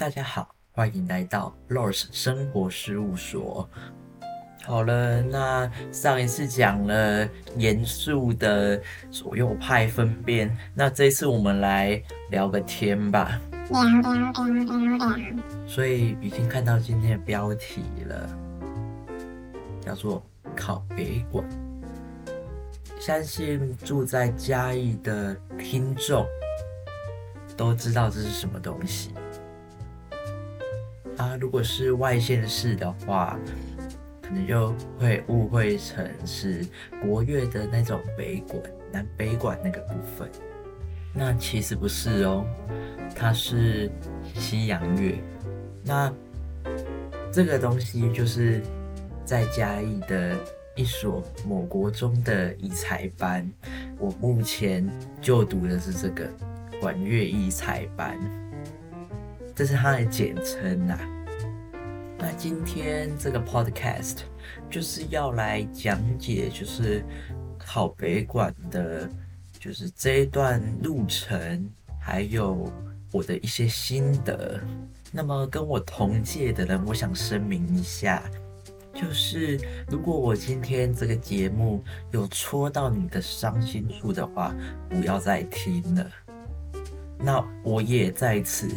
大家好，歡迎來到 Rose 生活事務所。好了，那上一次講了嚴肅的左右派分辨，那這一次我們來聊個天吧。嗯嗯嗯嗯嗯。所以已經看到今天的標題了，叫做考北管。相信住在嘉義的聽眾都知道這是什麼東西。啊，如果是外縣市的話，可能就會誤會成是國樂的那種北管，南北管那個部分。那其實不是哦，它是西洋樂。那這個東西就是在嘉義的一所某國中的藝才班，我目前就讀的是這個管樂藝才班，這是它的簡稱啊。那今天這個 podcast 就是要來講解，就是考北管的，就是這一段路程，還有我的一些心得。那麼跟我同屆的人，我想聲明一下，就是如果我今天這個節目有戳到你的傷心處的話，不要再聽了。那我也在此。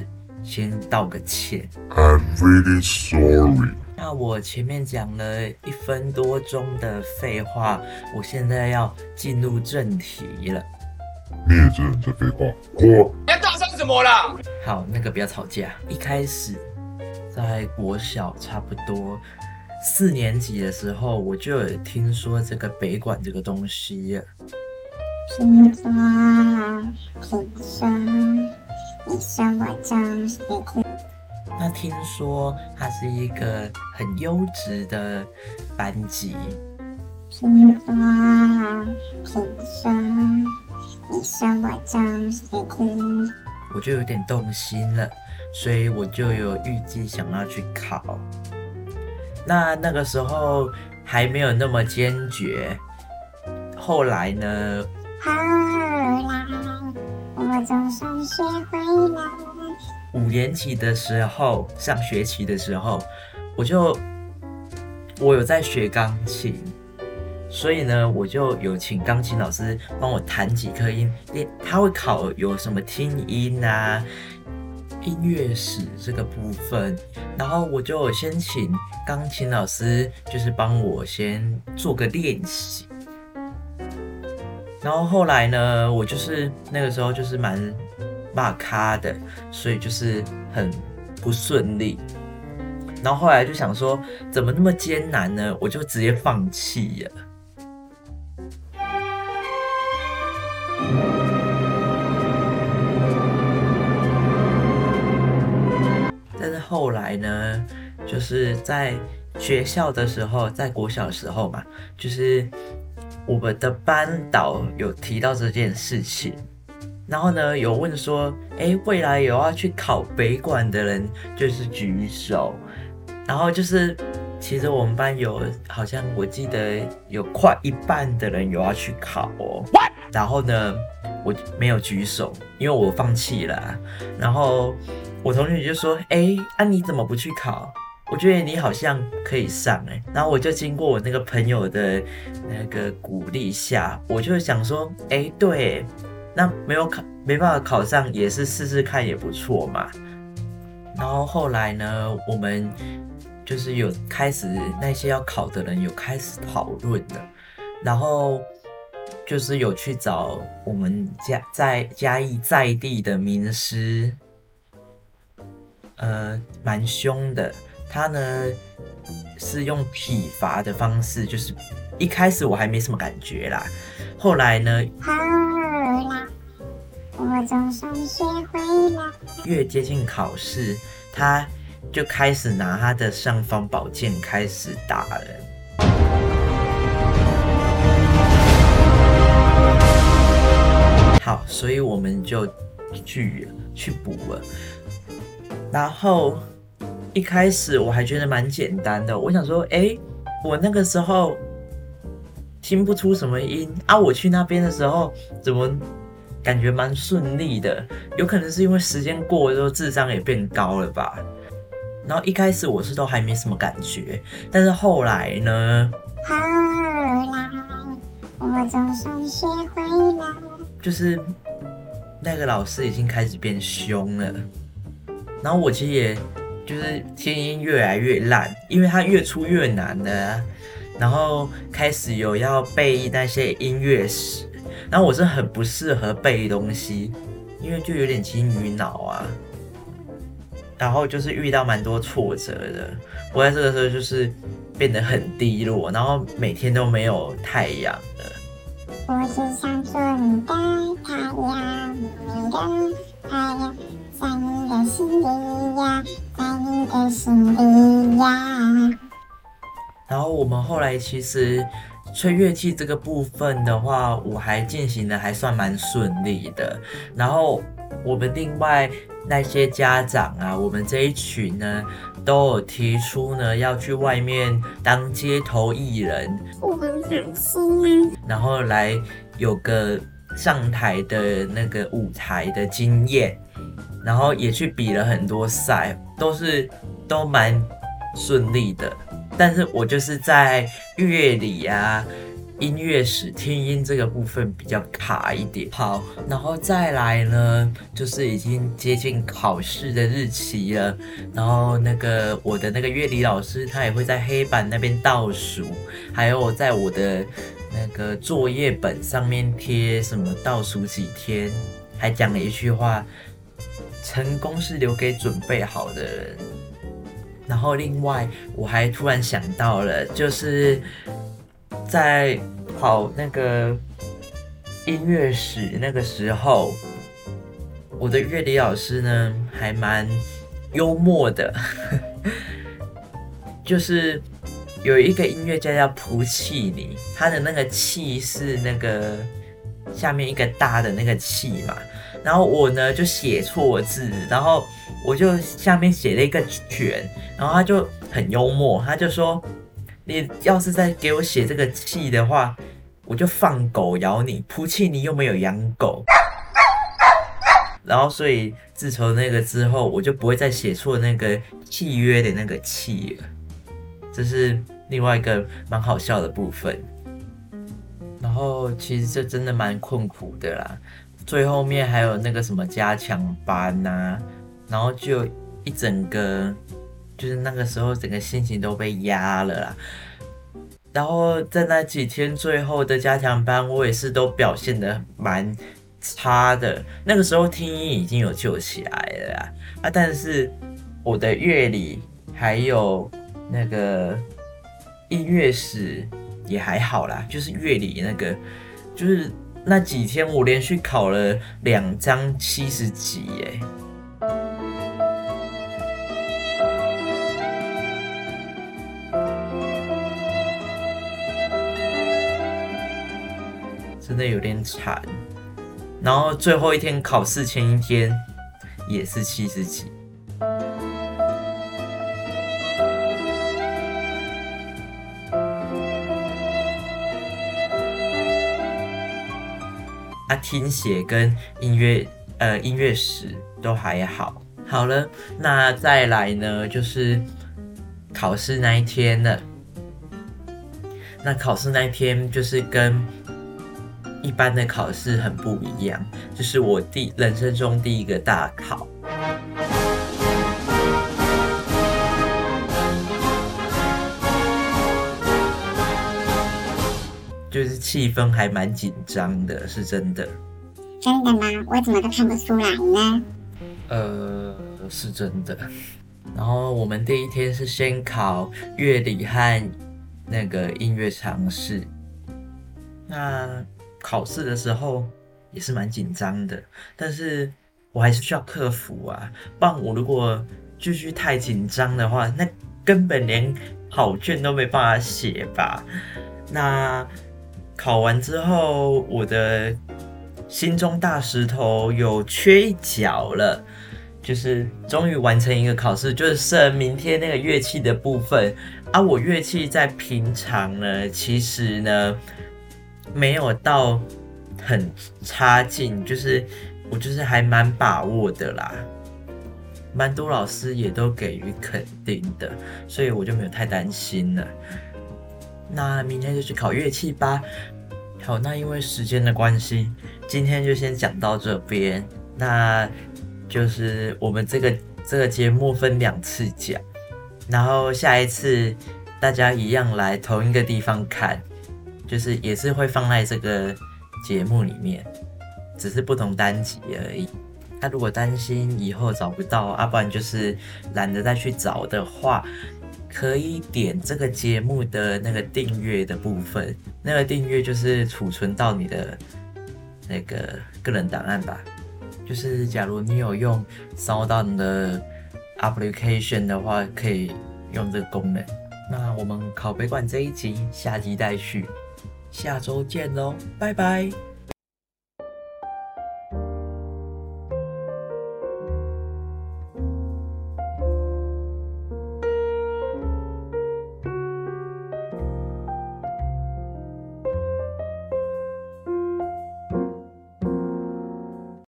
先道個歉。I'm really sorry。那我前面講了一分多鐘的廢話，我現在要進入正題了。Oh. 你也知道你廢話，我。你要大聲什麼啦？好，那個不要吵架。一開始在國小差不多四年級的時候，我就有聽說這個北管這個東西。平生，平生。你什麼教室？那聽說它是一個很優質的班級。聽說，聽說，你什麼教室？我就有點動心了，所以我就有預計想要去考。那那個時候還沒有那麼堅決。後來呢？好啦我總算學會了。五年級的時候，上學期的時候，我就我有在學鋼琴，所以呢，我就有請鋼琴老師幫我彈幾顆音，他會考有什麼聽音啊、音樂史這個部分，然後我就先請鋼琴老師就是幫我先做個練習。然後後來呢，我就是那個時候就是蠻罵卡的，所以就是很不順利。然後後來就想說，怎麼那麼艱難呢？我就直接放棄了。但是後來呢，就是在學校的時候，在國小的時候嘛，就是。我們的班導有提到這件事情，然後呢，有問說，哎、欸，未來有要去考北管的人，就是舉手。然後就是，其實我們班有，好像我記得有快一半的人有要去考哦。What? 然後呢，我沒有舉手，因為我放棄了。然後我同學就說，哎、欸，那、啊、你怎麼不去考？我覺得你好像可以上哎、欸，然後我就經過我那個朋友的那個鼓勵下，我就想說，哎，對，那沒有考沒辦法考上，也是試試看也不錯嘛。然後後來呢，我們就是有開始那些要考的人有開始討論了，然後就是有去找我們家在嘉義在地的名師，呃，蠻兇的。他呢是用體罰的方式，就是一開始我還沒什麼感覺啦，後來呢，越接近考試，他就開始拿他的尚方寶劍開始打人。好，所以我們就去去補了，然後。一開始我還覺得蠻簡單的，我想說，哎、欸，我那個時候聽不出什麼音啊。我去那邊的時候，怎麼感覺蠻順利的？有可能是因為時間過了之後智商也變高了吧。然後一開始我是都還沒什麼感覺，但是後來呢，後來我總算學會了。就是那個老師已經開始變兇了，然後我其實也。就是聽音越來越爛，因為它越出越難的啊，然後開始有要背那些音樂史，然後我是很不適合背東西，因為就有點金魚腦啊，然後就是遇到蠻多挫折的，我在這個時候就是變得很低落，然後每天都沒有太陽了。我是想說你的太陽，你的太陽心裡呀，在你的心裡呀。然後我們後來其實吹樂器這個部分的話，我還進行得還算蠻順利的。然後我們另外那些家長啊，我們這一群呢，都有提出呢，要去外面當街頭藝人，我很想試。然後來有個上台的那個舞台的經驗。然後也去比了很多賽，都是都蠻順利的，但是我就是在樂理啊、音樂史、聽音這個部分比較卡一點。好，然後再來呢，就是已經接近考試的日期了，然後那個我的那個樂理老師他也會在黑板那邊倒數，還有在我的那個作業本上面貼什麼倒數幾天，還講了一句話。成功是留給準備好的人。然後，另外我還突然想到了，就是在跑那個音樂史那個時候，我的樂理老師呢還蠻幽默的， 就是有一個音樂家叫普契尼，他的那個“契是那個下面一個大的那個“契嘛。然後我呢就寫錯字，然後我就下面寫了一個“捲”，然後他就很幽默，他就說：“你要是再給我寫這個氣的話，我就放狗咬你。撲氣你又沒有養狗。” 然後所以自從那個之後，我就不會再寫錯那個契約的那個氣了。這是另外一個蠻好笑的部分。然後其實這真的蠻困苦的啦。最後面還有那個什麼加強班吶、啊，然後就一整個，就是那個時候整個心情都被壓了啦。然後在那幾天最後的加強班，我也是都表現得蠻差的。那個時候聽音已經有救起來了啦，啊，但是我的樂理還有那個音樂史也還好啦，就是樂理那個就是。那幾天我連續考了兩張七十幾，耶，真的有點慘。然後最後一天考試前一天也是七十幾。聽寫跟音樂，呃，音樂史都還好。好了，那再來呢，就是考試那一天了。那考試那一天，就是跟一般的考試很不一樣，就是我第人生中第一個大考。氣氛還蠻緊張的，是真的。真的嗎？我怎麼都看不出來呢？呃，是真的。然後我們第一天是先考樂理和那個音樂常識。那考試的時候也是蠻緊張的，但是我還是需要克服啊。不然我如果繼續太緊張的話，那根本連考卷都沒辦法寫吧？那。考完之後，我的心中大石頭有缺一角了，就是終於完成一個考試，就是剩明天那個樂器的部分啊。我樂器在平常呢，其實呢沒有到很差勁，就是我就是還蠻把握的啦，蠻多老師也都給予肯定的，所以我就沒有太擔心了。那明天就去考樂器吧。好，那因為時間的關係，今天就先講到這邊。那，就是我們這個這個節目分兩次講，然後下一次大家一樣來同一個地方看，就是也是會放在這個節目裡面，只是不同單集而已。那如果擔心以後找不到，阿、啊、不然就是懶得再去找的話，可以點這個節目的那個訂閱的部分，那個訂閱就是儲存到你的那個個人檔案吧。就是假如你有用 SoundOn 的 application 的話，可以用這個功能。那我們考北管這一集下集待續，下周見嘍，拜拜。